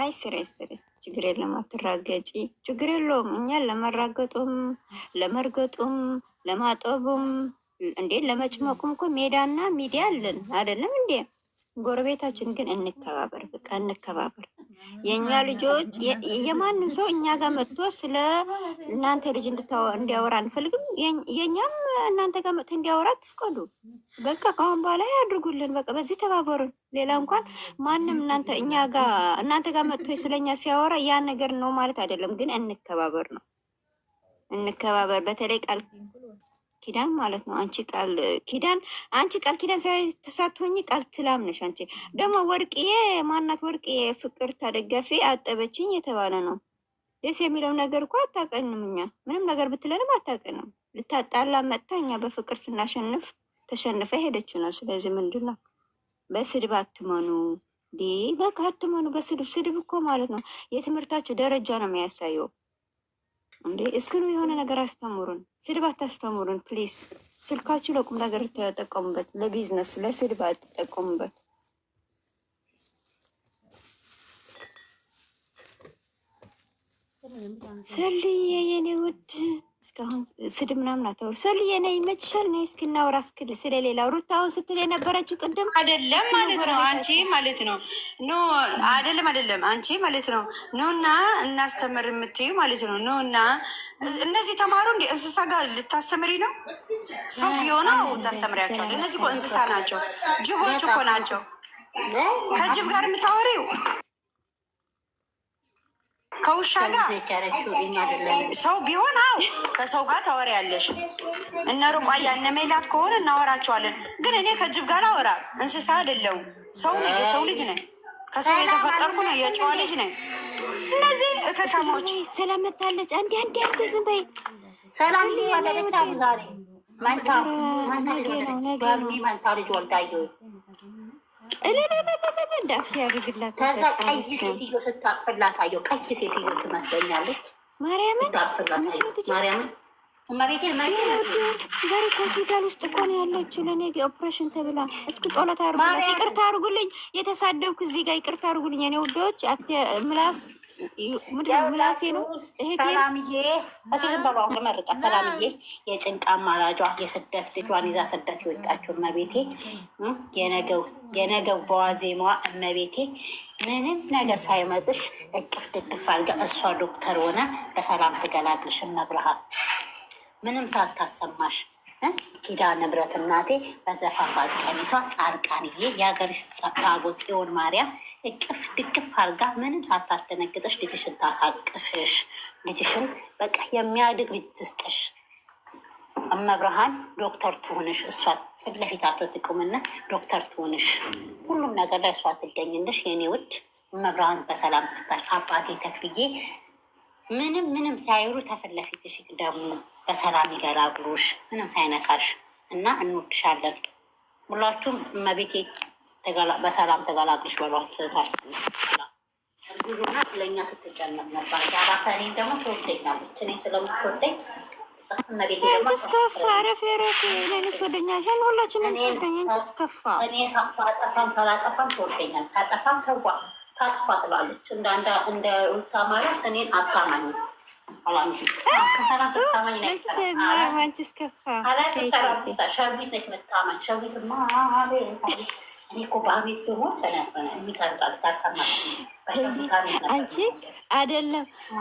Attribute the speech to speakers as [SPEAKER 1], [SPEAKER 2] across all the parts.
[SPEAKER 1] አይ ስሬስ ስሬስ ችግር የለም አትራገጪ፣ ችግር የለውም። እኛን ለመራገጡም ለመርገጡም ለማጠቡም እንዴ ለመጭመቁም እኮ ሜዳና ሚዲያ አለን አይደለም እንዴ? ጎረቤታችን ግን እንከባበር፣ በቃ እንከባበር። የእኛ ልጆች የማንም ሰው እኛ ጋር መጥቶ ስለ እናንተ ልጅ እንዲያወራ አንፈልግም። የእኛም እናንተ ጋር መጥቶ እንዲያወራ ትፍቀዱ። በቃ ከአሁን በኋላ ያድርጉልን። በቃ በዚህ ተባበሩን። ሌላ እንኳን ማንም እናንተ እኛ ጋር እናንተ ጋር መጥቶ ስለ እኛ ሲያወራ ያ ነገር ነው ማለት አይደለም፣ ግን እንከባበር ነው እንከባበር በተለይ ቃል ኪዳን ማለት ነው። አንቺ ቃል ኪዳን አንቺ ቃል ኪዳን ሳትሆኝ ቃል ትላምነሽ። አንቺ ደግሞ ወርቅዬ ማናት? ወርቅዬ ፍቅር ታደጋፊ አጠበችኝ የተባለ ነው። ደስ የሚለው ነገር እኮ አታቀንም። እኛ ምንም ነገር ብትለንም አታቀንም። ልታጣላ መጥታ እኛ በፍቅር ስናሸንፍ ተሸንፈ ሄደች ነው። ስለዚህ ምንድን ነው በስድብ አትመኑ። በቃ አትመኑ በስድብ ስድብ እኮ ማለት ነው የትምህርታቸው ደረጃ ነው የሚያሳየው። እንዴ እስኪ የሆነ ነገር አስተምሩን። ስድብ አታስተምሩን ፕሊስ። ስልካችሁ ለቁም ነገር ተጠቀሙበት፣ ለቢዝነሱ ለስድብ አትጠቀሙበት። ሰልዬ የኔ ውድ እስካሁን ስድብ ምናምን አታወሩ ስል የኔ ይመችሻል ነ እስክናወራ እስክል ስለሌላው ሩት አሁን ስትል የነበረችው ቅድም
[SPEAKER 2] አይደለም ማለት ነው። አንቺ ማለት ነው ኖ አይደለም አይደለም አንቺ ማለት ነው ኖና እናስተምር የምትዩ ማለት ነው ኖና እነዚህ ተማሩ እንዲ እንስሳ ጋር ልታስተምሪ ነው። ሰው የሆነው ታስተምሪያቸው እነዚህ እንስሳ ናቸው፣ ጅቦች እኮ ናቸው። ከጅብ ጋር የምታወሪው ከውሻ ጋር ሰው ቢሆን አው ከሰው ጋር ታወሪያለሽ። እነ ሩቃያ እነ ሜላት ከሆነ እናወራቸዋለን። ግን እኔ ከጅብ ጋር ላወራ እንስሳ አይደለሁም። ሰው ነው፣ የሰው ልጅ ነኝ። ከሰው የተፈጠርኩ ነው፣ የጨዋ ልጅ ነኝ። እነዚህ ከተሞች
[SPEAKER 1] ሰላም መታለች። አንዴ አንዴ ዝም በይ
[SPEAKER 3] ሰላም ዛሬ መንታ መንታ ልጅ ወልዳየ
[SPEAKER 1] ዳፍ ያደርግላት።
[SPEAKER 3] ከዛ ቀይ ሴትዮ ስታቅፍላት አየሁ። ቀይ ሴትዮ ትመስለኛለች ማርያምን ማርያምን።
[SPEAKER 1] ዛሬ ሆስፒታል ውስጥ እኮ ነው ያለችው። ለእኔ ኦፕሬሽን ተብላ እስኪ ጸሎት አድርጉላት። ይቅርታ አድርጉልኝ፣ የተሳደብኩ እዚህ ጋር ይቅርታ አድርጉልኝ። እኔ ውዶች ምላስ ምላሴ ነው።
[SPEAKER 3] ሰላምዬ መርቃ ሰላምዬ የጭንቅ አማራጇ የስደት ልጇን ይዛ ስደት የወጣችው እመቤቴ፣ የነገው የነገው በዋዜማ እመቤቴ፣ ምንም ነገር ሳይመጥሽ እቅፍ ድግፍ አልጋ እሷ ዶክተር ሆነ በሰላም ትገላግልሽ መብርሃን ምንም ሳታሰማሽ ኪዳ ንብረት እናቴ በዘፋፋጭ ቀሚሷ ጻርቃንዬ የሀገርሽ ጸጋጎት ጽዮን ማርያም እቅፍ ድግፍ አርጋ ምንም ሳታስደነግጠሽ ልጅሽን ታሳቅፍሽ። ልጅሽን በቃ የሚያድግ ልጅ ትስጥሽ። እመብርሃን ዶክተር ትሁንሽ። እሷ ፊት ለፊታቸው ዶክተር ትሁንሽ። ሁሉም ነገር ላይ እሷ ትገኝልሽ። የኔ ውድ እመብርሃን በሰላም ትታሽ አባቴ ተክልዬ ምንም ምንም ሳይሩ ተፈለፊትሽ ደግሞ በሰላም ይገላግሉሽ ምንም ሳይነካሽ እና እንወድሻለን። ሁላችሁም እመቤቴ በሰላም ተገላግልሽ በሏት። እርጉዙና ለእኛ ስትጨነቅ ነበር። ዛራፈኔ ደግሞ ትወደኛለች። እኔ ስለምትወደኝ
[SPEAKER 1] ሁላችንም ትወደኛለች። ስከፋ
[SPEAKER 3] እኔ ሳጠፋም ሳላጠፋም ትወደኛለች። ሳጠፋም ተዋ ታጥፋ ትላለች። እንደ ሩታ ማለት እኔን አታማኝ አንቺ አይደለም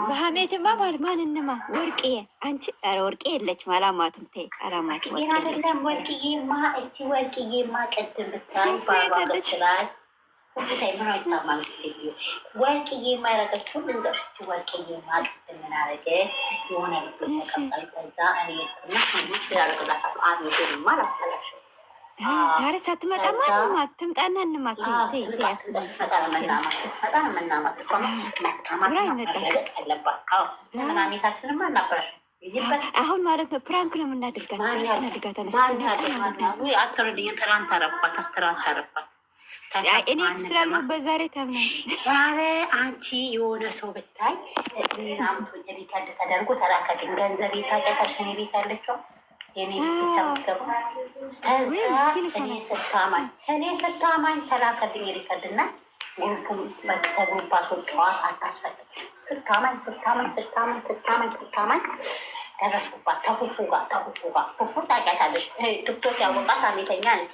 [SPEAKER 1] በሀሜትማ ማለት ማንንማ ወርቅዬ አንቺ ኧረ ወርቄ የለችም። አላማትም ተይ አላማት
[SPEAKER 3] ወርቅዬ ማ እቺ ወርቅዬ ማ ቅድም ብታይ ባባ ስላል ሁሉ ላይ ምን አይታማም። ሴትዮ ወርቅዬ የማያረገች ሁሉ ንገርች ወርቅዬ ማቅት የምናረገ የሆነ ተቀበል ከዛ አ ግርማ
[SPEAKER 1] አሁን ማለት ነው ፕራንክ ነው የምናደርጋት ናደርጋት
[SPEAKER 3] ትናንት አረኳት ትናንት አረኳት
[SPEAKER 1] እኔ ስላሉ በዛሬ ተብነ
[SPEAKER 3] ኧረ አንቺ የሆነ ሰው ብታይ ቤት ተደርጎ ተላከልኝ። ገንዘብ የታቀቀሽ እኔ ቤት ያለችው እኔ ስታማኝ እኔ ስታማኝ ተላከልኝ። የሪከርድና ጉልኩም በተግሩባ ሶጠዋት አታስፈልግ ስታማኝ ስታማኝ ስታማኝ ስታማኝ ስታማኝ ደረስኩባት። ተፉፉ ጋር ተፉፉ ጋር ፉፉ ታውቂያታለሽ። ቲክቶክ ያወቃት አሜተኛ ነች።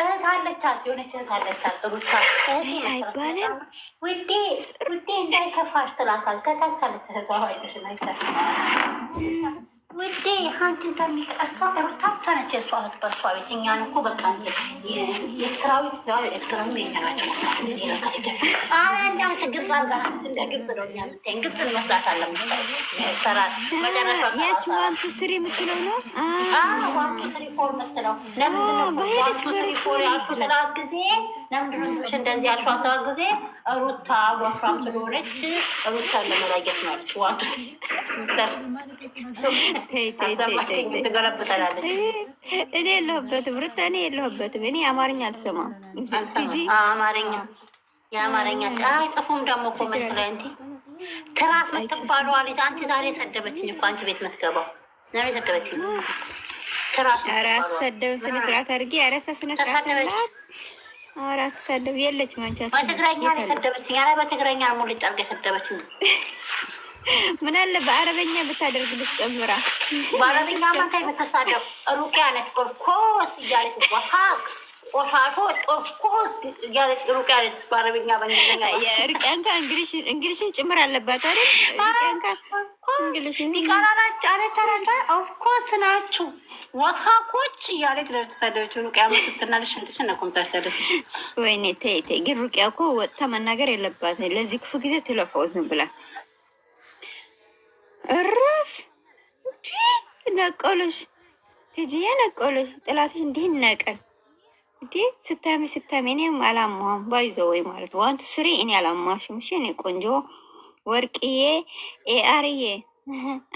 [SPEAKER 3] እህት አለቻት፣ የሆነች እህት አለቻት። ጥሩቻ አይባልም ውዴ ውዴ እንዳይከፋሽ ትላታል። ከታች አለች እህቷ ሆይሽ ውዴ ሀንትን ከሚል እሷ ሩታ ተነች። እሷ በእሷ ቤት እኛን እኮ በቃ የኤርትራዊት ኤርትራ ናቸው። አረ ግብፅ አርጋ እንደ ግብፅ ነው እኛ የምታይን ግብፅ እንመስላት አለ ሰራት መጨረሻ
[SPEAKER 1] ዋንቱ ስሪ የምትለው ነው
[SPEAKER 3] ዋንቱ ስሪ ፎር ምትለው ለምንድነው ዋንቱ ስሪ ፎር ያልኩት ጊዜ ለምንድን ነው እንደዚህ ያልሸዋት ጊዜ ሩታ ወፍራም ስለሆነች ሩታን ለመላየት ማለት ዋቱ ትገለብጠላለች።
[SPEAKER 1] እኔ የለሁበትም፣ ሩታ እኔ የለሁበትም። እኔ አማርኛ አልሰማም።
[SPEAKER 3] አማርኛ የአማርኛ ጽፉም ደግሞ ኮመንት ላይ እንዲ ትራስ ምትባለዋ ልጅ አንቺ ዛሬ ሰደበችኝ እኮ አንቺ ቤት ምትገባው ዛሬ ሰደበችኝ።
[SPEAKER 1] ትራስ ሰደብ ስነስርዓት አድርጌ ያረሳ ስነስርዓት አላት ኧረ አትሳደብ የለች ማንቻት
[SPEAKER 3] በትግረኛ ነው የሰደበችኝ። ኧረ በትግረኛ ሙሉ አድርጋ የሰደበችኝ።
[SPEAKER 1] ምን አለ በአረበኛ ብታደርግ ብትጨምራ።
[SPEAKER 3] በአረበኛ ማንታይ ብትሳደብ ሩቅ ያለች ጦርኮስ እያለች ወሀቅ ቆሻሾ ጦርኮስ እያለች ሩቅ ያለች በአረበኛ በእንግሊዝኛ
[SPEAKER 1] የሩቅያ ያንካ እንግሊሽን ጭምር አለባት አይደል ሩቅያ ያንካ
[SPEAKER 3] ኦፍኮርስ ናችሁ ወፋቆች እያለች ለተሳደበች ሩቅያ ምስትናለሽ ንትሽ እና ኮምታች ታደስ
[SPEAKER 1] ወይኔ ተይ ተይ። ግን ሩቅያ እኮ ወጥታ መናገር የለባት ለዚህ ክፉ ጊዜ ትለፈው ዝም ብላ እረፍ። ነቀሎሽ ትጅዬ ነቀሎሽ ጥላትሽ እንዲህ ነቀል እንዴ ስታሜ ስታሜ እኔም አላማዋም ባይዘ ወይ ማለት ዋንቱ ስሪ እኔ አላማሽም። እሺ እኔ ቆንጆ ወርቅዬ ኤአርዬ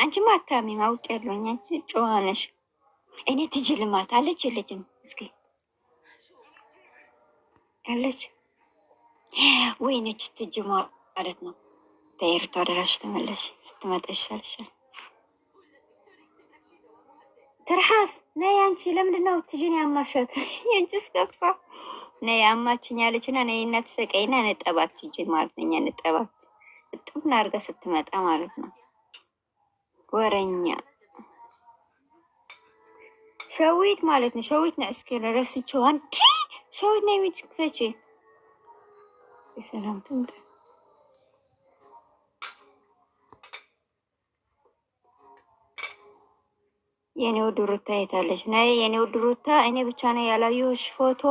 [SPEAKER 1] አንቺ አንቺማ ማውቅ ያለኝ አንቺ ጨዋ ነሽ። እኔ ትጅ ልማት አለች የለችም? እስኪ አለች ወይነች ትጅ ማለት ነው። ተይርቶ አደራሽ ተመለሽ ስትመጣ ይሻልሻል። ትርሃስ ነይ አንቺ። ለምንድነው ትጅን ያማሸት? የንጭ ስከፋ ነይ አማችኛለችና ነይና ተሰቀይና ነጠባት። ትጂን ማለት ነኛ ነጠባት እጥፍን አድርጋ ስትመጣ ማለት ነው። ወረኛ ሸዊት ማለት ነው። ሸዊት ና እስኪ ረስቸው አንድ ሸዊት ና የሚጭ ክፈቼ የሰላም ትምጣ የኔው ድሩታ ሩታ የታለች? ናይ የኔው ድሩታ እኔ ብቻ ነው ያላየሁሽ ፎቶ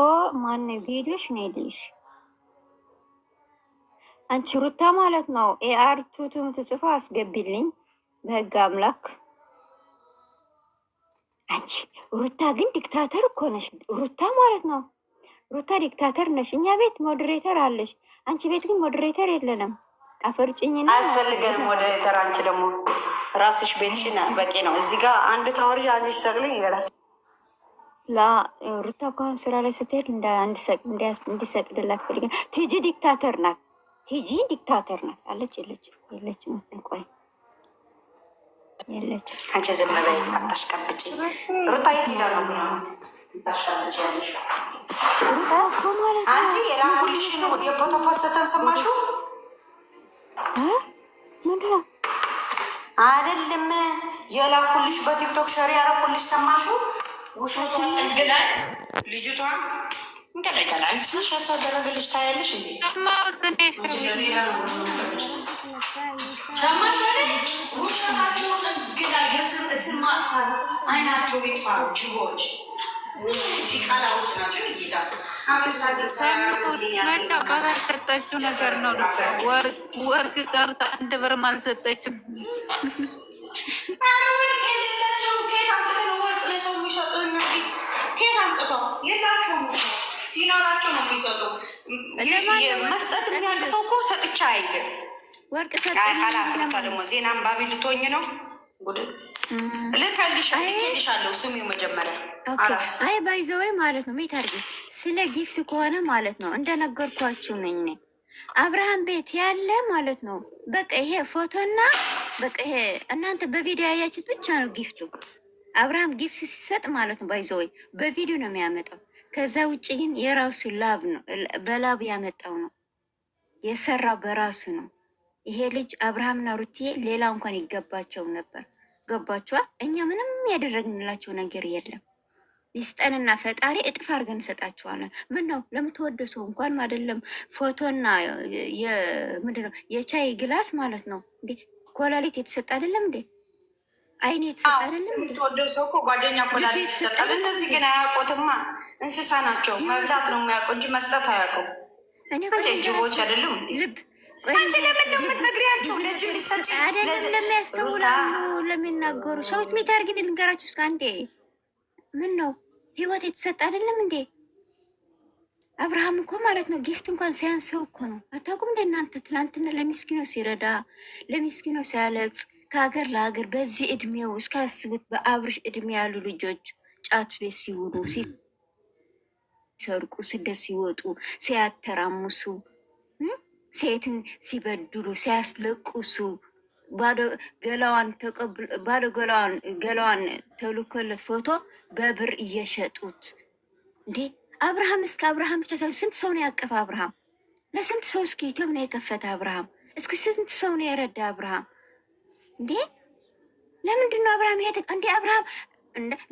[SPEAKER 1] ማን ቪዲዮሽ ነው ልሽ አንቺ ሩታ ማለት ነው። ኤአር ቱቱ ምትጽፎ አስገቢልኝ በህግ አምላክ። አንቺ ሩታ ግን ዲክታተር እኮ ነሽ። ሩታ ማለት ነው። ሩታ ዲክታተር ነሽ። እኛ ቤት ሞዴሬተር አለሽ። አንቺ ቤት ግን ሞዴሬተር የለንም። አፈርጭኝ
[SPEAKER 3] አያስፈልገንም ሞዴሬተር። አንቺ ደግሞ ራስሽ ቤትሽን በቂ ነው። እዚህ ጋ አንድ ታወርጅ አንድ ሲሰቅልኝ
[SPEAKER 1] ላ ሩታ እኮ ስራ ላይ ስትሄድ እንዲሰቅድላ ፈልገን ትጂ ዲክታተር ናት። ቲጂ ዲክታተር ናት አለች። የለች የለች መስል ቆይ የለች
[SPEAKER 3] አንቺ ዝም በይ አታሽቀብጪ። ሩታ የት ሄዳ ነው አንቺ ነው የፎቶ ፖስተን ሰማሹ ምንድን ነው አይደለም የላኩልሽ በቲክቶክ ሸሪ ያረኩልሽ ሰማሹ ውሽ ጥግላል ላይ ልጅቷ እንገናኛለን። አንቺ ሸት
[SPEAKER 1] ነገር ነው። ወርቅ ቀርቶ አንድ ብርም አልሰጠችም።
[SPEAKER 3] ወርቅ የሌላቸው ወርቅ ለሰው የሚሸጡ እነዚህ ኬት አምጥተው የላቸውም። ሲኖራቸው ነው የሚሰጡ። መስጠት የሚያውቅ ሰው እኮ ሰጥቻ አይልም። ወርቅ ሰጠ ደግሞ ዜና አንባቢ ልትሆኝ ነው። ልከልሻለሁ ስሚው መጀመሪያ
[SPEAKER 1] አይ ባይዘወይ ማለት ነው ሚታርግ ስለ ጊፍት ከሆነ ማለት ነው እንደነገርኳችሁ ነኝ። አብርሃም ቤት ያለ ማለት ነው በቃ ይሄ ፎቶና በቃ ይሄ እናንተ በቪዲዮ ያያችሁት ብቻ ነው ጊፍቱ። አብርሃም ጊፍት ሲሰጥ ማለት ነው ባይዘወይ በቪዲዮ ነው የሚያመጣው። ከዛ ውጭ ግን የራሱ ላብ ነው፣ በላብ ያመጣው ነው የሰራው በራሱ ነው። ይሄ ልጅ አብርሃምና ሩትዬ ሌላ እንኳን ይገባቸው ነበር። ገባቸዋል እኛ ምንም ያደረግንላቸው ነገር የለም። ይስጠንና ፈጣሪ እጥፍ አድርገን እንሰጣቸዋለን። ምን ነው ለምትወደ ሰው እንኳን አይደለም ፎቶና ምንድነው የቻይ ግላስ ማለት ነው እንዴ ኮላሊት የተሰጠ አይደለም እንዴ? አይኔ
[SPEAKER 3] የምትወደው ሰው እኮ ጓደኛ እኮ ላለ ይሰጣል። እነዚህ ግን አያውቁትማ፣ እንስሳ ናቸው። መብላት ነው የሚያውቁ እንጂ መስጠት አያውቁም። አንቺ ጅቦች አይደለም እንዴ? አንቺ ለምን ነው የምትነግሪያቸው? ለጅብ ሊሰጭ
[SPEAKER 1] አይደለም ለሚያስተውላሉ ለሚናገሩ ሰዎች ሚታር ግን ልንገራችሁ። እስከ አንዴ ምን ነው ህይወት የተሰጠ አይደለም እንዴ? አብርሃም እኮ ማለት ነው ጊፍት እንኳን ሳያንሰው እኮ ነው። አታውቁም እንደ እናንተ ትናንትና ለሚስኪኖ ሲረዳ ለሚስኪኖ ሲያለቅስ ከሀገር ለሀገር በዚህ እድሜ ውስጥ ካስቡት በአብርሽ እድሜ ያሉ ልጆች ጫት ቤት ሲውሉ፣ ሲሰርቁ፣ ስደት ሲወጡ፣ ሲያተራምሱ፣ ሴትን ሲበድሉ፣ ሲያስለቅሱ ባዶ ገላዋን ባዶ ገላዋን ገላዋን ተልኮለት ፎቶ በብር እየሸጡት እንዴ! አብርሃም እስከ አብርሃም ብቻ ሳይሆን ስንት ሰው ነው ያቀፈ አብርሃም? ለስንት ሰው እስኪ ኢትዮጵያ ነው የከፈተ አብርሃም? እስኪ ስንት ሰው ነው የረዳ አብርሃም? እንዴ ለምንድን ነው አብርሃም ይሄ እንዴ አብርሃም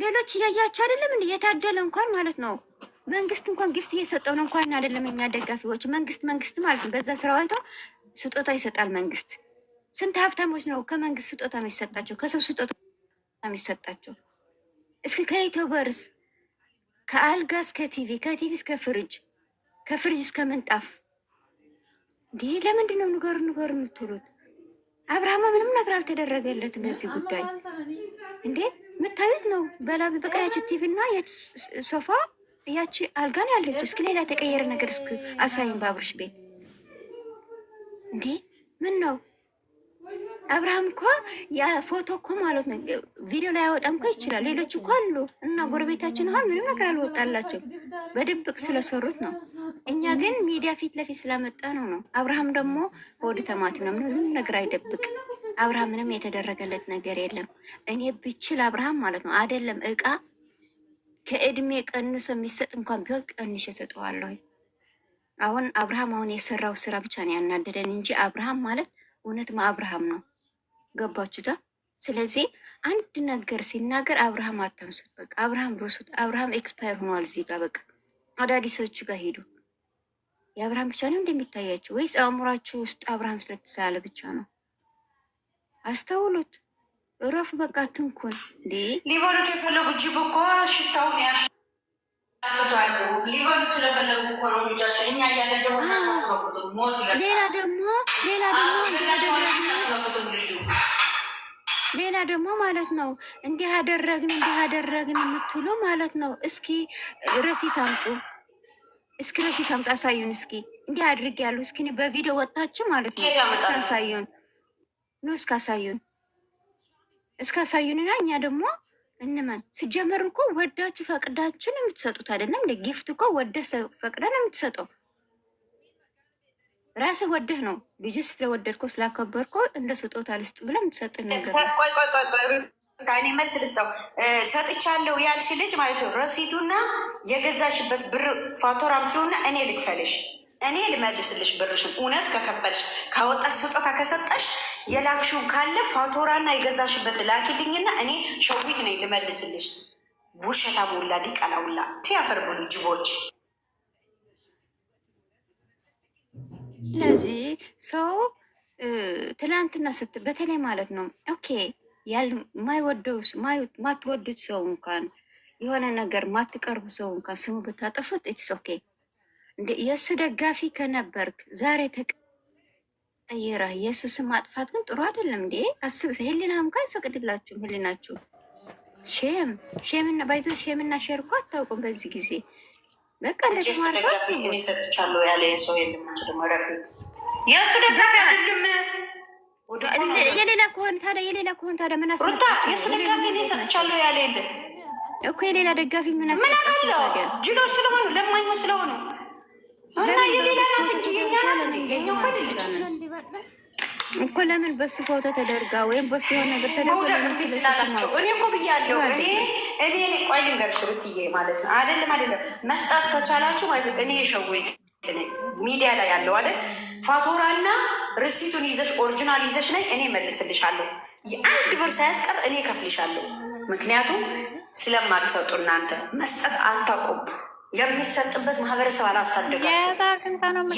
[SPEAKER 1] ሌሎች እያያቸው አይደለም እንዴ የታደለ እንኳን ማለት ነው መንግስት እንኳን ግፍት ነው እንኳን አይደለም እኛ ደጋፊዎች መንግስት መንግስት ማለት ነው በዛ ስራ አይቶ ስጦታ ይሰጣል መንግስት ስንት ሀብታሞች ነው ከመንግስት ስጦታ የሚሰጣቸው ከሰው ስጦታ የሚሰጣቸው እስኪ ከኢትዮበርስ ከአልጋ እስከ ቲቪ ከቲቪ እስከ ፍርጅ ከፍርጅ እስከ ምንጣፍ እንዲህ ለምንድን ነው ንገሩ ንገሩ የምትሉት አብርሃም ምንም ነገር አልተደረገለትም በዚህ ጉዳይ። እንዴ የምታዩት ነው በላ በቃ ያቺ ቲቪ እና ያቺ ሶፋ ያቺ አልጋን ያለች እስኪ ሌላ የተቀየረ ነገር እስኪ አሳይን በአብርሽ ቤት። እንዴ ምን ነው አብርሃም እኮ የፎቶ እኮ ማለት ነው ቪዲዮ ላይ አወጣም እኮ ይችላል። ሌሎች እኮ አሉ እና ጎረቤታችን አሁን ምንም ነገር አልወጣላቸው በድብቅ ስለሰሩት ነው። እኛ ግን ሚዲያ ፊት ለፊት ስላመጣ ነው ነው። አብርሃም ደግሞ ወደ ተማት ነው፣ ምንም ነገር አይደብቅ። አብርሃም ምንም የተደረገለት ነገር የለም። እኔ ብችል አብርሃም ማለት ነው አይደለም እቃ ከእድሜ ቀንሶ የሚሰጥ እንኳን ቢሆን ቀንሽ ሰጠዋለሁ። አሁን አብርሃም አሁን የሰራው ስራ ብቻ ነው ያናደደን እንጂ አብርሃም ማለት እውነትም አብርሃም ነው። ገባችሁታ? ስለዚህ አንድ ነገር ሲናገር አብርሃም አታምሱት። በቃ አብርሃም ሮሱት። አብርሃም ኤክስፓየር ሆኗል። እዚህ ጋር በቃ አዳዲሶቹ ጋር ሄዱ። የአብርሃም ብቻ ነው እንደሚታያችሁ ወይስ አእምሯችሁ ውስጥ አብርሃም ስለተሳለ ብቻ ነው? አስተውሉት። እረፍ። በቃ ትንኩን እንዴ
[SPEAKER 3] ሊበሉት የፈለጉ ጅብ እኮ ሽታውን ያሽታቷል። ሊበሉት ስለፈለጉ እኮ ነው ልጃቸው። እኛ ሌላ ደግሞ ሌላ
[SPEAKER 1] ደግሞ ሌላ ደግሞ ማለት ነው እንዲህ አደረግን እንዲህ አደረግን የምትሉ ማለት ነው። እስኪ ረሲት አምጡ እስክሪፕት አምጣ አሳዩን። እስኪ እንዲህ አድርግ ያሉ እስኪ በቪዲዮ ወጣችሁ ማለት ነው። ነው እስካሳዩን ኑ እስካሳዩን እስካሳዩንና እኛ ደግሞ እንመን። ሲጀመር እኮ ወዳችሁ ፈቅዳችሁ ነው የምትሰጡት አይደለም። ለጊፍት እኮ ወደህ ፈቅደ ነው የምትሰጠው። ራስህ ወደህ ነው ልጅ ስለወደድኮ ስላከበርኮ እንደ ስጦታ ልስጥ ብለህ የምትሰጥ ነገር ቆይ ቆይ ቆይ
[SPEAKER 3] እኔ መልስ ልስጠው። ሰጥቻለሁ ያልሽ ልጅ ማለት ነው። ረሲቱና የገዛሽበት ብር ፋቶር አምጪውና እኔ ልክፈልሽ፣ እኔ ልመልስልሽ ብርሽን። እውነት ከከፈልሽ ካወጣሽ ስጦታ ከሰጠሽ የላክሽው ካለ ፋቶራና የገዛሽበት ላኪልኝና እኔ ሸዊት ነኝ ልመልስልሽ። ውሸታ ሞላ ዲቃላ ውላ ትያፈር ብሉ ጅቦች።
[SPEAKER 1] ስለዚህ ሰው ትላንትና ስት በተለይ ማለት ነው ኦኬ ያል ማይወደው ማትወዱት ሰው እንኳን የሆነ ነገር ማትቀርቡ ሰው እንኳን ስሙ ብታጠፉት ኢትስ ኦኬ። እንደ የእሱ ደጋፊ ከነበርክ ዛሬ ተቀየረ። የእሱ ማጥፋት ግን ጥሩ አይደለም። እንዴ አስብ። ህሊና እንኳ አይፈቅድላችሁም። ህሊናችሁ ሼም ሼምና ባይዞ ሼምና ሼር እኮ አታውቁም በዚህ ጊዜ በቃ እንደተማርሰው
[SPEAKER 3] ሰጥቻለሁ ያለ የሰው የለም። አንቺ ደግሞ የእሱ ደጋፊ አይደለም
[SPEAKER 1] የሌላ ከሆነ ታዲያ የሌላ ከሆነ ታዲያ ምን ሩታ
[SPEAKER 3] የእሱ ደጋፊ እኔ ሰጥቻለሁ ያለ የለ
[SPEAKER 1] እኮ የሌላ ደጋፊ ምን ምን
[SPEAKER 3] አለው ጅሎ ስለሆኑ ለማኙ ስለሆኑ እና የሌላ ናት እንጂ የኛ ናት እንዲ የኛ ኳልልጅ
[SPEAKER 1] እኮ ለምን በሱ ፎቶ ተደርጋ ወይም በሱ የሆነ ነገር
[SPEAKER 3] ተደርጋ ስላላቸው እኔ እኮ ብያለሁ። እኔ እኔ እኔ ቆይ ልንገርሽ ብትዬ ማለት ነው አይደለም አይደለም መስጣት ከቻላችሁ ማለት እኔ የሸውኝ ሚዲያ ላይ ያለው አይደል ፋቶራና ርሲቱን ይዘሽ ኦሪጂናል ይዘሽ ነይ፣ እኔ መልስልሻለሁ። የአንድ ብር ሳያስቀር እኔ ከፍልሻለሁ። ምክንያቱም ስለማትሰጡ እናንተ መስጠት አታቁም የሚሰጥበት ማህበረሰብ አላሳደጋችሁ፣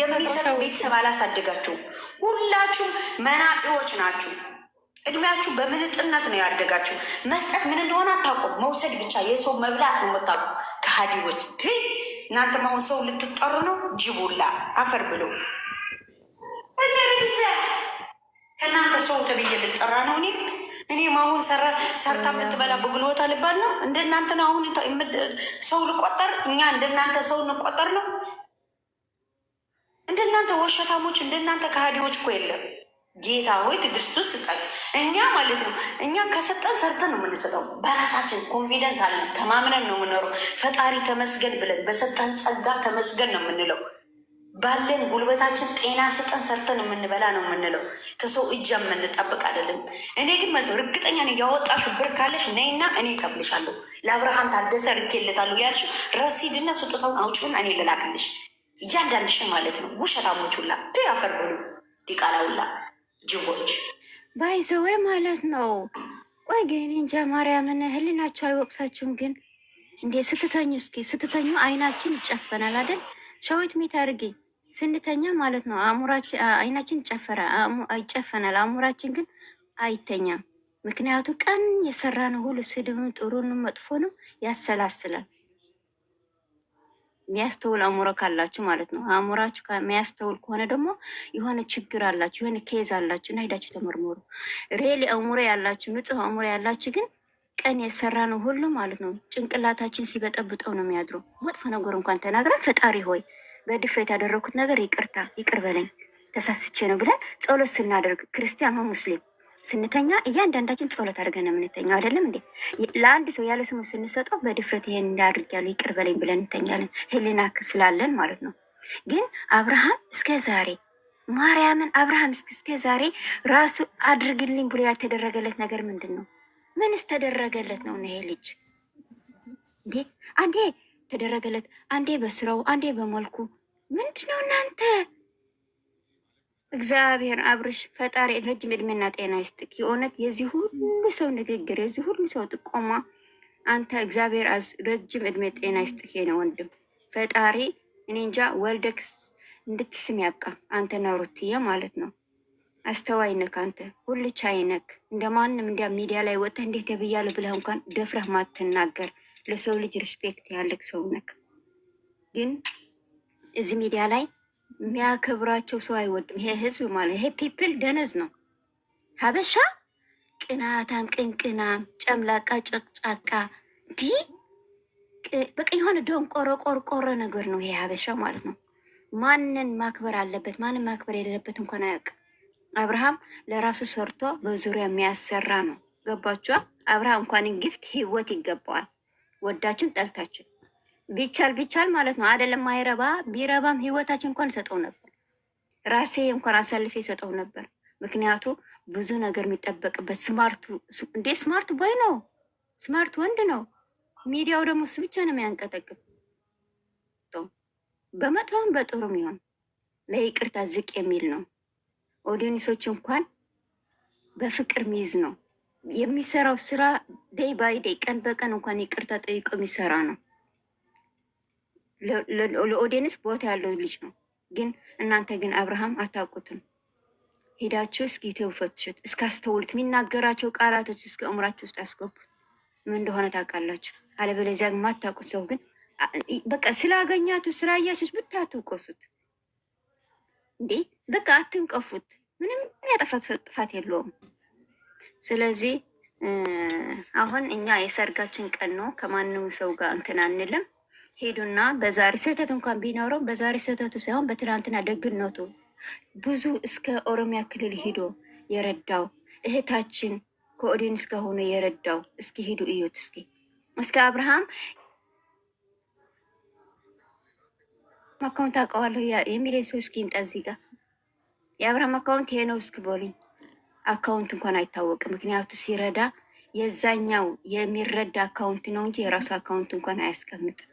[SPEAKER 3] የሚሰጥ ቤተሰብ አላሳደጋችሁ። ሁላችሁም መናጢዎች ናችሁ። እድሜያችሁ በምንጥነት ነው ያደጋችሁ። መስጠት ምን እንደሆነ አታቆም። መውሰድ ብቻ የሰው መብላት የምታውቁ ከሃዲዎች። እናንተም አሁን ሰው ልትጠሩ ነው። ጅቡላ አፈር ብሎ ሰው ተብዬ ልጠራ ነው። እኔ እኔ አሁን ሰርታ የምትበላ በጉልበታ ልባል ነው። እንደናንተ ነው አሁን ሰው ልቆጠር፣ እኛ እንደናንተ ሰው እንቆጠር ነው። እንደናንተ ወሸታሞች፣ እንደናንተ ከሃዲዎች እኮ የለም። ጌታ ሆይ ትዕግስቱን ስጠን። እኛ ማለት ነው እኛ ከሰጠን ሰርተን ነው የምንሰጠው። በራሳችን ኮንፊደንስ አለን። ከማምነን ነው የምኖረው። ፈጣሪ ተመስገን ብለን በሰጠን ጸጋ ተመስገን ነው የምንለው። ባለን ጉልበታችን ጤና ስጠን ሰርተን የምንበላ ነው የምንለው። ከሰው እጅ የምንጠብቅ አይደለም። እኔ ግን መልቶ እርግጠኛ ነው ያወጣሽ ብር ካለሽ ነይና እኔ እከፍልሻለሁ። ለአብርሃም ታደሰ ርኬለታለሁ ያልሽ ረሲድና ስጦታውን አውጪውን እኔ ልላክልሽ። እያንዳንድሽን ማለት ነው። ውሸታሞች ሁላ ያፈር ብሉ ዲቃላ ሁላ ጅቦች ባይዘዌ
[SPEAKER 1] ማለት ነው። ቆይ ግን እንጃ ማርያምን ህሊናቸው አይወቅሳችሁም? ግን እንዴ ስትተኙ እስኪ ስትተኙ አይናችን ይጨፈናል አይደል? ሸዊት ሚት አድርጊ ስንተኛ ማለት ነው። አእምሯችን አይናችን ይጨፈናል፣ አእምሯችን ግን አይተኛም። ምክንያቱ ቀን የሰራ ነው ሁሉ ስድብም ጥሩንም መጥፎንም ያሰላስላል። የሚያስተውል አእምሮ ካላችሁ ማለት ነው። አእምሯችሁ የሚያስተውል ከሆነ ደግሞ የሆነ ችግር አላችሁ፣ የሆነ ኬዝ አላችሁ እና ሄዳችሁ ተመርምሩ። ሬሊ አእምሮ ያላችሁ፣ ንጹህ አእምሮ ያላችሁ ግን ቀን የሰራ ነው ሁሉ ማለት ነው። ጭንቅላታችን ሲበጠብጠው ነው የሚያድረው። መጥፎ ነገር እንኳን ተናግራል ፈጣሪ ሆይ በድፍረት ያደረኩት ነገር ይቅርታ ይቅር በለኝ ተሳስቼ ነው ብለን ጸሎት ስናደርግ ክርስቲያን ሆን ሙስሊም ስንተኛ እያንዳንዳችን ጸሎት አድርገን ነው የምንተኛው። አይደለም እንዴ? ለአንድ ሰው ያለ ስሙ ስንሰጠው በድፍረት ይሄን እንዳድርግ ያለ ይቅር በለኝ ብለን እንተኛለን፣ ህሊና ስላለን ማለት ነው። ግን አብርሃም እስከ ዛሬ ማርያምን አብርሃም እስከ ዛሬ ራሱ አድርግልኝ ብሎ ያልተደረገለት ነገር ምንድን ነው? ምንስ ተደረገለት ነው? ይሄ ልጅ እንዴ አንዴ ተደረገለት። አንዴ በስራው አንዴ በመልኩ ምንድን ነው እናንተ? እግዚአብሔር አብርሽ ፈጣሪ ረጅም እድሜና ጤና ይስጥክ። የእውነት የዚህ ሁሉ ሰው ንግግር፣ የዚህ ሁሉ ሰው ጥቆማ አንተ እግዚአብሔር ረጅም እድሜ ጤና ይስጥክ። የኔ ወንድም ፈጣሪ እኔ እንጃ ወልደክ እንድትስም ያብቃ። አንተና ሩትዬ ማለት ነው። አስተዋይ ነክ፣ አንተ ሁልቻይ ነክ። እንደማንም እንዲያ ሚዲያ ላይ ወጥተህ እንዴት ተብያለሁ ብለህ እንኳን ደፍረህ ማትናገር ለሰው ልጅ ሪስፔክት ያለክ ሰው ነክ። ግን እዚህ ሚዲያ ላይ የሚያከብራቸው ሰው አይወድም። ይሄ ህዝብ ማለት ይሄ ፒፕል ደነዝ ነው። ሀበሻ ቅናታም፣ ቅንቅናም፣ ጨምላቃ፣ ጨቅጫቃ ዲ በቃ የሆነ ደንቆሮ ቆርቆሮ ነገር ነው ይሄ ሀበሻ ማለት ነው። ማንን ማክበር አለበት ማንን ማክበር የሌለበት እንኳን አያውቅም። አብርሃም ለራሱ ሰርቶ በዙሪያ የሚያሰራ ነው። ገባችኋ? አብርሃም እንኳን ግፍት ህይወት ይገባዋል። ወዳችን ጠልታችን ቢቻል ቢቻል ማለት ነው አይደለም። አይረባ ቢረባም ህይወታችን እንኳን ሰጠው ነበር። ራሴ እንኳን አሳልፌ ሰጠው ነበር። ምክንያቱ ብዙ ነገር የሚጠበቅበት ስማርቱ እንዴ ስማርት ቦይ ነው፣ ስማርት ወንድ ነው። ሚዲያው ደግሞ እሱ ብቻ ነው የሚያንቀጠቅጥ በመጥፎም በጥሩም ይሆን ለይቅርታ ዝቅ የሚል ነው። ኦዲዮኒሶች እንኳን በፍቅር ሚይዝ ነው የሚሰራው ስራ ደይ ባይ ደይ ቀን በቀን እንኳን ይቅርታ ጠይቆ የሚሰራ ነው። ለኦዲየንስ ቦታ ያለው ልጅ ነው። ግን እናንተ ግን አብርሃም አታውቁትም። ሄዳችሁ እስኪ ኢትዮብ ፈትሹት፣ እስካስተውሉት የሚናገራቸው ቃላቶች እስከ እምራችሁ ውስጥ አስገቡ። ምን እንደሆነ ታውቃላችሁ። አለበለዚያ የማታውቁት ሰው ግን በቃ ስላገኛችሁ ስላያችሁት ብታትውቀሱት እንዴ በቃ አትንቀፉት። ምንም ያጠፋት ጥፋት የለውም። ስለዚህ አሁን እኛ የሰርጋችን ቀን ነው። ከማንም ሰው ጋር እንትን አንልም። ሄዱና በዛሬ ስህተት እንኳን ቢኖረው በዛሬ ስህተቱ ሳይሆን በትናንትና ደግነቱ ብዙ እስከ ኦሮሚያ ክልል ሄዶ የረዳው እህታችን ከኦዲን ጋር ሆኖ የረዳው እስኪ ሄዱ እዩት። እስኪ እስከ አብርሃም አካውንት አውቀዋለሁ የሚለኝ ሰው እስኪ ይምጣ እዚህ ጋር የአብርሃም አካውንት ይሄ ነው እስኪ በሉኝ። አካውንት እንኳን አይታወቅም። ምክንያቱ ሲረዳ የዛኛው የሚረዳ አካውንት ነው እንጂ የራሱ አካውንት እንኳን አያስቀምጥም።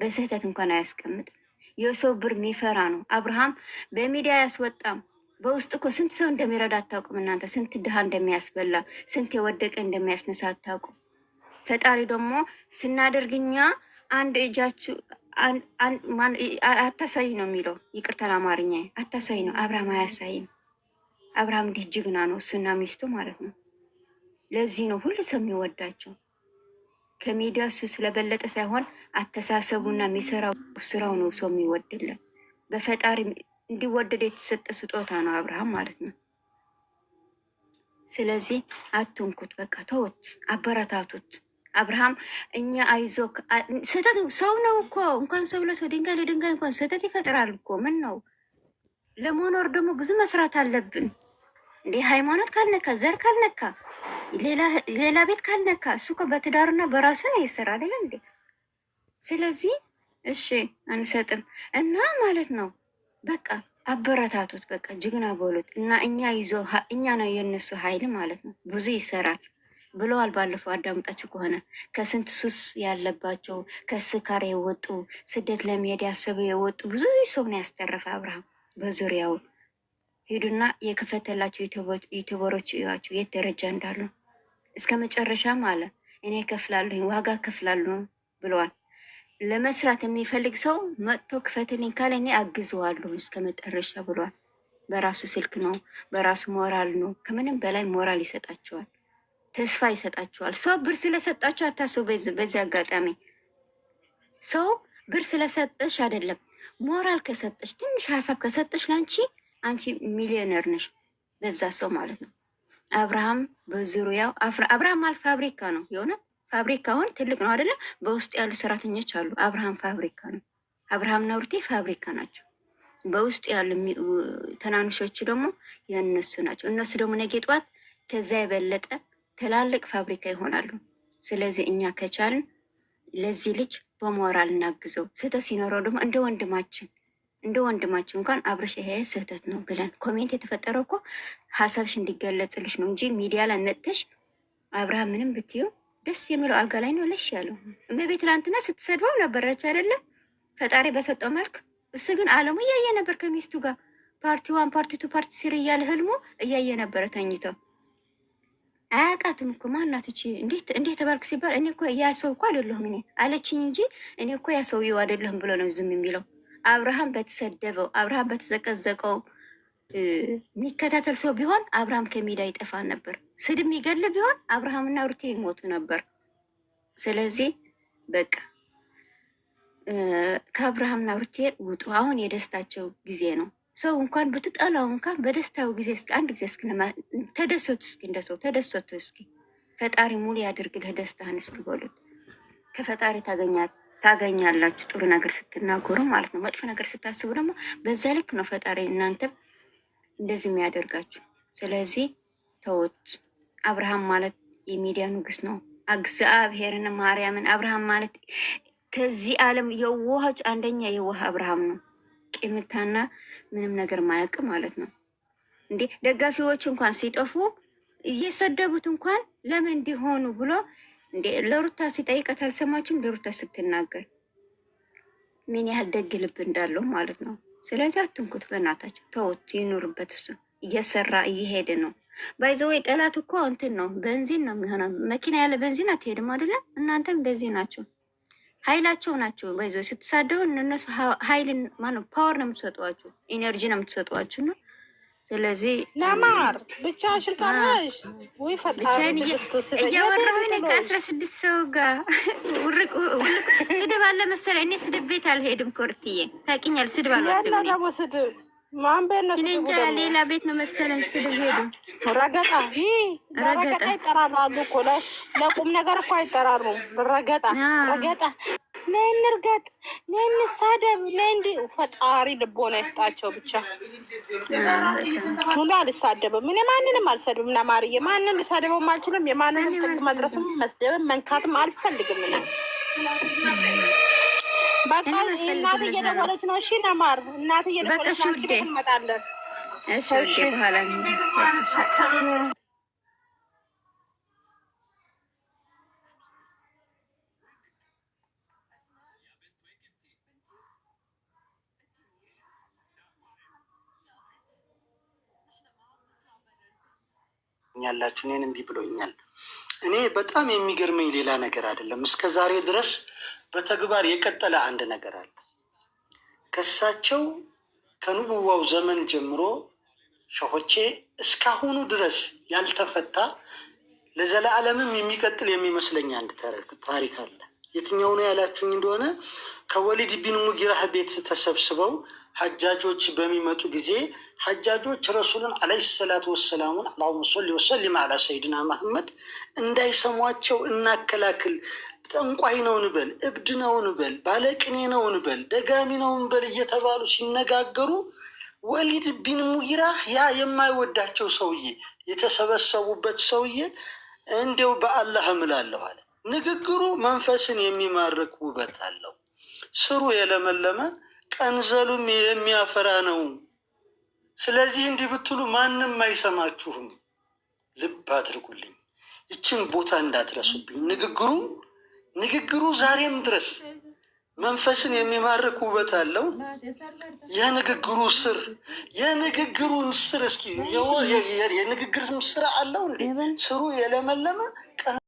[SPEAKER 1] በስህተት እንኳን አያስቀምጥም። የሰው ብር የሚፈራ ነው። አብርሃም በሚዲያ አያስወጣም። በውስጥ እኮ ስንት ሰው እንደሚረዳ አታውቁም እናንተ። ስንት ድሃ እንደሚያስበላ፣ ስንት የወደቀ እንደሚያስነሳ አታውቁም። ፈጣሪ ደግሞ ስናደርግኛ አንድ እጃችሁ አታሳይ ነው የሚለው። ይቅርታ ለአማርኛ አታሳይ ነው። አብርሃም አያሳይም። አብርሃም እንዲህ ጀግና ነው፣ እሱና ሚስቱ ማለት ነው። ለዚህ ነው ሁሉ ሰው የሚወዳቸው። ከሚዲያ እሱ ስለበለጠ ሳይሆን አተሳሰቡና የሚሰራው ስራው ነው ሰው የሚወድለን። በፈጣሪ እንዲወደድ የተሰጠ ስጦታ ነው አብርሃም ማለት ነው። ስለዚህ አትንኩት፣ በቃ ተውት፣ አበረታቱት። አብርሃም እኛ አይዞ ስህተት ሰው ነው እኮ እንኳን ሰው ለሰው ድንጋይ ለድንጋይ እንኳን ስህተት ይፈጥራል እኮ ምን ነው ለመኖር ደግሞ ብዙ መስራት አለብን። እንዴ ሃይማኖት ካልነካ ዘር ካልነካ ሌላ ቤት ካልነካ እሱ እኮ በትዳርና በራሱ ነው የሰራ አይደለ እንዴ? ስለዚህ እሺ አንሰጥም እና ማለት ነው። በቃ አበረታቱት፣ በቃ ጅግና በሉት እና እኛ ይዞ እኛ ነው የነሱ ኃይል ማለት ነው። ብዙ ይሰራል ብለዋል። ባለፈው አዳምጣችሁ ከሆነ ከስንት ሱስ ያለባቸው ከስካር የወጡ ስደት ለመሄድ ያሰበ የወጡ ብዙ ሰው ነው ያስተረፈ አብርሃም በዙሪያው ሄዱና የከፈተላቸው ዩቱበሮች እዩዋቸው የት ደረጃ እንዳሉ። እስከ መጨረሻም አለ እኔ ከፍላለሁ ዋጋ ከፍላለሁ ብለዋል። ለመስራት የሚፈልግ ሰው መጥቶ ክፈትልኝ ካለ እኔ አግዘዋለሁ እስከ መጨረሻ ብሏል። በራሱ ስልክ ነው፣ በራሱ ሞራል ነው። ከምንም በላይ ሞራል ይሰጣቸዋል፣ ተስፋ ይሰጣቸዋል። ሰው ብር ስለሰጣቸው አታስቡ። በዚህ አጋጣሚ ሰው ብር ስለሰጠሽ አይደለም ሞራል ከሰጠሽ ትንሽ ሀሳብ ከሰጠሽ ለአንቺ አንቺ ሚሊዮነር ነሽ ለዛ ሰው ማለት ነው። አብርሃም በዙሪያው አብርሃም ማለት ፋብሪካ ነው። የሆነ ፋብሪካውን ትልቅ ነው አደለ? በውስጡ ያሉ ሰራተኞች አሉ። አብርሃም ፋብሪካ ነው። አብርሃም ነውርቴ ፋብሪካ ናቸው። በውስጡ ያሉ ትናንሾቹ ደግሞ የእነሱ ናቸው። እነሱ ደግሞ ነገ ጠዋት ከዛ የበለጠ ትላልቅ ፋብሪካ ይሆናሉ። ስለዚህ እኛ ከቻልን ለዚህ ልጅ በሞራል እናግዘው፣ ስህተት ሲኖረው ደግሞ እንደ ወንድማችን እንደ ወንድማችን እንኳን አብረሽ ይሄ ስህተት ነው ብለን ኮሜንት የተፈጠረው እኮ ሀሳብሽ እንዲገለጽልሽ ነው እንጂ ሚዲያ ላይ መጥተሽ አብርሃም ምንም ብትየው ደስ የሚለው አልጋ ላይ ነው ለሽ ያለው እመቤት ትላንትና ስትሰድበው ነበረች አይደለም ፈጣሪ በሰጠው መልክ እሱ ግን አለሙ እያየ ነበር ከሚስቱ ጋር ፓርቲ ዋን ፓርቲ ቱ ፓርቲ ስር እያለ ህልሙ እያየ ነበረ ተኝተው አያውቃትም እኮ ማናት እቺ እንዴት እንዴት ተባልክ ሲባል እኔ እኮ ያ ሰው እኮ አይደለሁም እኔ አለችኝ እንጂ እኔ እኮ ያ ሰውዬው አይደለሁም ብሎ ነው ዝም የሚለው አብርሃም በተሰደበው አብርሃም በተዘቀዘቀው የሚከታተል ሰው ቢሆን አብርሃም ከሜዳ ይጠፋ ነበር። ስድብ የሚገል ቢሆን አብርሃምና ሩቴ ይሞቱ ነበር። ስለዚህ በቃ ከአብርሃምና ሩቴ ውጡ። አሁን የደስታቸው ጊዜ ነው። ሰው እንኳን ብትጠላው እንኳን በደስታው ጊዜ እስኪ አንድ ጊዜ እስኪ ተደሰቱ፣ እስኪ እንደሰው ተደሰቱ። እስኪ ፈጣሪ ሙሉ ያድርግልህ ደስታህን እስኪ በሉት ከፈጣሪ ታገኛት ታገኛላችሁ። ጥሩ ነገር ስትናገሩ ማለት ነው። መጥፎ ነገር ስታስቡ ደግሞ በዛ ልክ ነው ፈጣሪ እናንተ እንደዚህ የሚያደርጋችሁ። ስለዚህ ተወት። አብርሃም ማለት የሚዲያ ንጉስ ነው። እግዚአብሔርን ማርያምን አብርሃም ማለት ከዚህ ዓለም የዋሆች አንደኛ የዋህ አብርሃም ነው። ቅምታና ምንም ነገር ማያውቅ ማለት ነው። እንዴ ደጋፊዎች እንኳን ሲጠፉ እየሰደቡት እንኳን ለምን እንዲሆኑ ብሎ እንዴ ለሩታ ሲጠይቃት አልሰማችም። ለሩታ ስትናገር ምን ያህል ደግ ልብ እንዳለው ማለት ነው። ስለዚህ አትንኩት፣ በእናታቸው ተወት፣ ይኑርበት። እሱ እየሰራ እየሄደ ነው። ባይዘወይ ጠላት እኮ እንትን ነው፣ በንዚን ነው የሚሆነው። መኪና ያለ በንዚን አትሄድም አይደለም? እናንተም እንደዚህ ናቸው፣ ኃይላቸው ናቸው። ባይዘወይ ስትሳደቡ እነሱ ኃይልን ማነው ፓወር ነው የምትሰጧቸው፣ ኢነርጂ ነው የምትሰጧቸው ነው ስለዚህ ለማር ብቻ ሽልቃሽ ወይ ፈጣሪ እያወራሁኝ ከአስራ ስድስት ሰው ጋር ስድብ አለ መሰለኝ። እኔ ስድብ ቤት አልሄድም። ኮርትዬ ታውቂኛለሽ፣ ስድብ አለ ስድብ አልወድም። ሌላ ቤት ነው መሰለኝ ስድብ ሄዱ። ረገጣ ረገጣ ይጠራራሉ እኮ ለቁም ነገር እኮ አይጠራሩም። ረገጣ ረገጣ ነይ እንርገጥ፣ ነይ እንሳደብ፣ ነይ እንዲ ፈጣሪ ልቦና ይስጣቸው። ብቻ ሁሉ አልሳደብም፣ እኔ ማንንም አልሰድብም። ና ማርዬ፣ ማንን ልሳደበውም አልችልም። የማንንም ጥግ መድረስም መስደብም መንካትም አልፈልግም። ና በቃ እናት እየደወለች ነው። እሺ ነማር፣ እናት እየደወለች ነው። እንመጣለን። እሺ በኋላ
[SPEAKER 4] ትሉኛላችሁ፣ እኔን እምቢ ብሎኛል። እኔ በጣም የሚገርመኝ ሌላ ነገር አይደለም። እስከ ዛሬ ድረስ በተግባር የቀጠለ አንድ ነገር አለ። ከሳቸው ከኑቡዋው ዘመን ጀምሮ ሸሆቼ እስካሁኑ ድረስ ያልተፈታ ለዘላለምም የሚቀጥል የሚመስለኝ አንድ ታሪክ አለ። የትኛው ነው ያላችሁኝ እንደሆነ ከወሊድ ቢን ሙጊራህ ቤት ተሰብስበው ሀጃጆች በሚመጡ ጊዜ ሀጃጆች ረሱሉን አለይሂ ሰላቱ ወሰላሙን አላሁመ ሶሊ ወሰሊም አላ ሰይድና መሐመድ እንዳይሰሟቸው እናከላክል። ጠንቋይ ነው ንበል፣ እብድ ነው ንበል፣ ባለቅኔ ነው ንበል፣ ደጋሚ ነው ንበል እየተባሉ ሲነጋገሩ ወሊድ ቢን ሙጊራ ያ የማይወዳቸው ሰውዬ የተሰበሰቡበት ሰውዬ እንዲው በአላህ እምላለሁ አለ። ንግግሩ መንፈስን የሚማርክ ውበት አለው። ስሩ የለመለመ ቀንዘሉም የሚያፈራ ነው። ስለዚህ እንዲህ ብትሉ ማንም አይሰማችሁም። ልብ አድርጉልኝ፣ ይችን ቦታ እንዳትረሱብኝ። ንግግሩ ንግግሩ ዛሬም ድረስ መንፈስን የሚማርክ ውበት አለው። የንግግሩ ስር የንግግሩን ስር እስኪ የንግግር ስራ አለው እንዴ? ስሩ የለመለመ